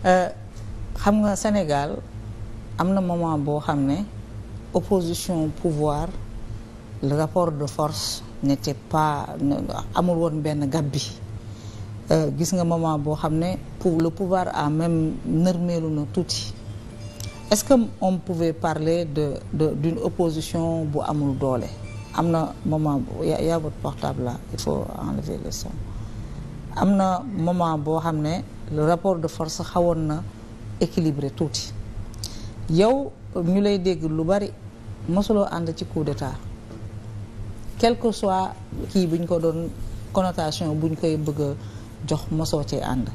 Euh, xam nga Sénégal am na moment boo xam ne opposition pouvoir le rapport de force n'était pas amul woon benn gab bi euh, gis nga moment boo xam ne pour le pouvoir a même nërmeelu na tuuti est-ce que on pouvait parler de de d'une bu amul doole am na moment y y a votre portable am na moment boo xam ne le rapport de force xawoon na équilibré tuuti yow ñu lay dégg lu bari mosuloo ànd ci coup d'état quel que soit kii bi ñu ko doon connotation bu ñu koy bëgg a jox mosoo ci ànd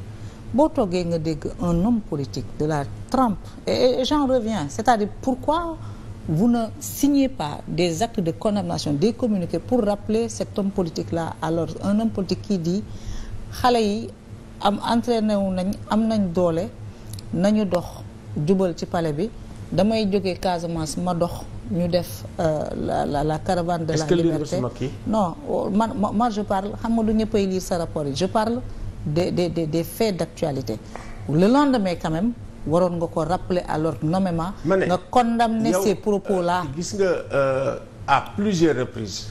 boo toggee nga dégg un homme politique de la trempe et j'en reviens c'est-à-dire pourquoi vous ne signez pas des actes de condamnation des communiqués pour rappeler cet homme politique là alors un homme politique qui dit xale yi am entraîné wu nañ am nañ doole nañu dox jubal ci pale bi damay jóge Casamance ma dox ñu def euh, la la la caravane de la liberté non man ma je parle xam nga du ñëppay lire sa rapport yi je parle des des des des faits d'actualité le lendemain quand waroon nga ko rappeler à l'ordre nommément nga condamner ces propos là euh, gis nga euh, à plusieurs reprises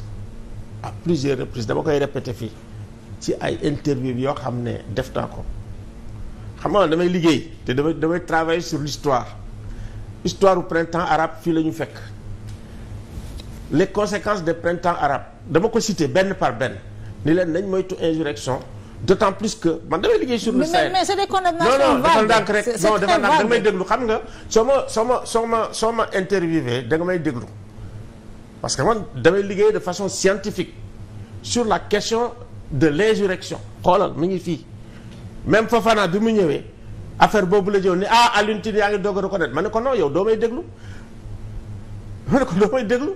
à plusieurs reprises dama koy répéter fii ci ay interview yoo xam ne def naa ko xam nga damay liggéey te damay damay travailler sur l'histoire histoire du printemps arabe fii la ñu fekk les conséquences des printemps arabes dama ko citer benn par benn ni leen nañ moytu insurrection d'autant plus que man damay liggéey sur le Sahel mais c'est des condamnations non non defal ndànk rek non defal déglu xam nga soo ma soo ma soo ma soo ma interviewé da nga may déglu parce que man damay liggéey de façon scientifique sur la question de l'insurrection xoolal mu ngi fii même Fofana bi mu ñëwee affaire boobu la jëw ni ah Alioune yaa ngi doog a reconnaître ma ne ko non yow doo may déglu ma ne ko doo may déglu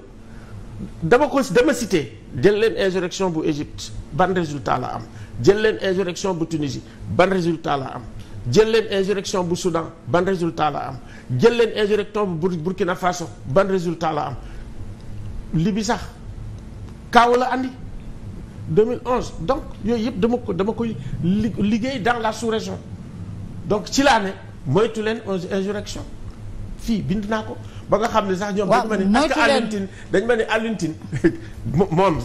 dama ko dama cité jël leen insurrection bu Égypte ban résultat la am jël leen insurrection bu Tunisie ban résultat la am jël leen insurrection bu Soudan ban résultat la am jël leen insurrection bu Burkina Faso ban résultat la am Libye sax kaaw la andi 2011 donc yooyu yëpp dama ko dama koy liggéey dans la sous donc ci laa ne moytu leen insurrection fii bind naa ko ba nga xam ne sax ñoom dañ ma ne parce que Alioune Tine dañ ma ne Alioune Tine moom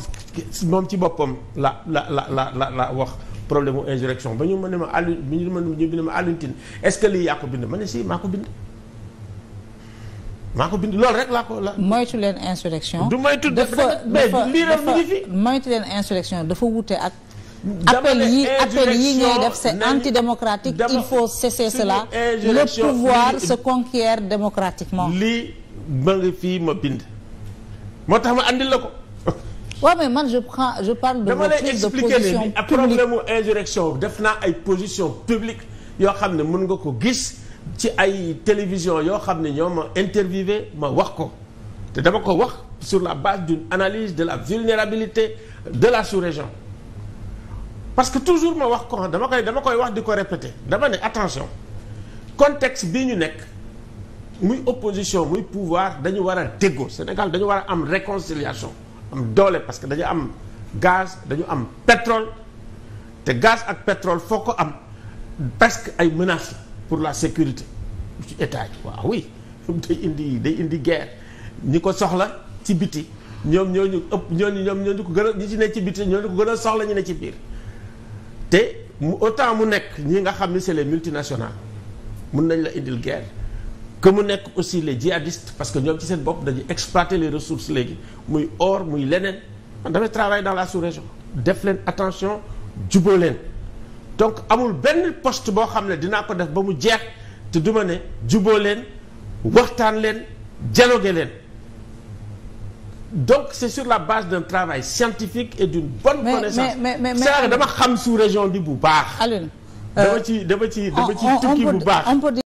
moom ci boppam la la la la la wax problème mu insurrection ba ñu ma ne ma Alioune ñu ne ma Alioune Tine yaa ko bind ma ne si maa ko bind maa ko bind loolu rek laa ko la. moytu leen insurrection. du moytu dafa dafa moytu leen insurrection dafa wute ak. appel yi appel yi ngay def c'est antidémocratique il faut cesser cela le pouvoir se conquiert démocratiquement. lii ba nga fii ma bind. moo tax ma andil la ko. waaw mais man je prends je parle de. dama lay expliquer ne ni problème def na ay position publique yoo xam ne mën nga ko gis. ci ay télévision yoo xam ne ñoo ma interviewé ma wax ko te dama ko wax sur la base du analyse de la vulnérabilité de la sous-région parce que toujours ma wax ko dama koy dama koy wax di ko répéter dama ne attention contexte bi ñu nekk muy opposition muy pouvoir dañu war a déggoo Sénégal dañu war a am réconciliation am doole parce que dañu am gaz dañu am pétrole te gaz ak pétrole foo ko am parce que ay menaces pour la sécurité ci état yi waaw oui ñoom day indi day indi guerre ñi ko soxla ci biti ñoom ñooñu ëpp ñooñu ñoom ñooñu ko gën a ñi ci ne ci biti ñooñu ko gën a soxla ñu ne ci biir te mu autant mu nekk ñi nga xam ne c'est les multinationales mun nañ la indil guerre que mu nekk aussi les djihadistes parce que ñoom ci seen bopp dañuy exploiter les ressources léegi muy or muy leneen man damay travailler dans la sous-région def leen attention juboo leen donc amul benn post boo xam ne dinaa ko def ba mu jeex te du ma ne juboo leen waxtaan leen dialogué leen donc c'est sur la base d'un travail scientifique et d'une bonne mais, connaissance cest à dama xam sous région bi bu baax dama euh, ci dama ci dama ci tukki bu baax